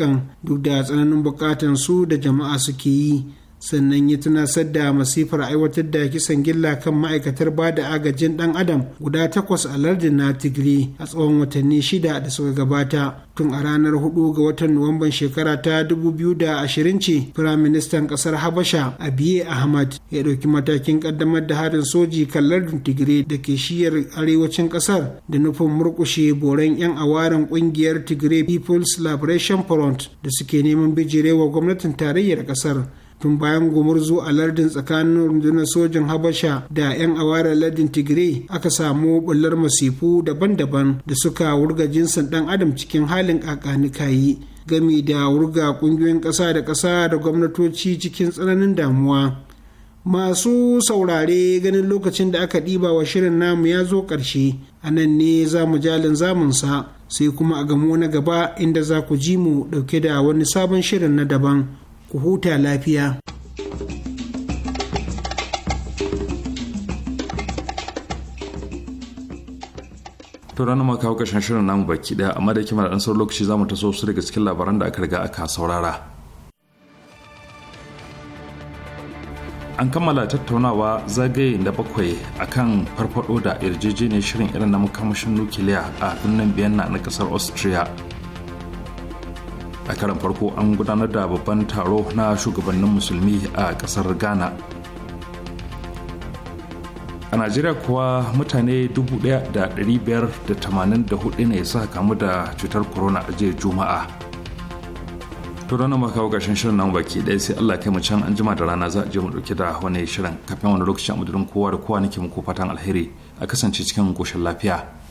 duk da tsananin buƙatar su da jama'a suke yi sannan ya tunasar da masifar aiwatar da kisan gilla kan ma'aikatar ba da agajin dan adam guda takwas a lardin na tigri a tsawon watanni shida da suka gabata tun a ranar hudu ga watan nuwamban shekara ta 2020 ce firaministan kasar habasha abiye ahmad ya ɗauki matakin ƙaddamar da harin soji kan lardin tigire da ke shiyar arewacin kasar da nufin murkushe boran 'yan awaren ƙungiyar tigire people's liberation front da suke neman bijirewa gwamnatin tarayyar kasar tun bayan gumurzu a lardin tsakanin rundunar sojin habasha da 'yan awara lardin tigray aka samu bullar masifu daban-daban da suka wurga jinsin dan adam cikin halin kakanikayi gami da wurga kungiyoyin ƙasa da ƙasa da gwamnatoci cikin tsananin damuwa masu saurare ganin lokacin da aka ɗiba wa shirin namu ya zo ƙarshe a nan ne za mu jalin zamunsa sai kuma a gamo na gaba inda za ku ji mu ɗauke da wani sabon shirin na daban ku huta lafiya. taurana ma kawo ƙarshen shirin namu baki ɗaya amma da da ɗan saurin lokaci za mu taso su daga cikin labaran da aka riga aka saurara. An kammala tattaunawa zagaye da bakwai akan farfado da yarjejeniyar shirin irin na makamashin nukiliya a birnin Vienna na ƙasar Austria. a karan farko an gudanar da babban taro na shugabannin musulmi a kasar ghana a najeriya kuwa mutane 1,584 ne suka kamu da cutar corona a jiya juma'a to ranar maka kawo gashin shirin nan baki ɗaya sai allah kai mu can an jima da rana za a je mu ɗauki da wani shirin kafin wani lokaci a mudurin kowa da kowa nake muku fatan alheri a kasance cikin koshin lafiya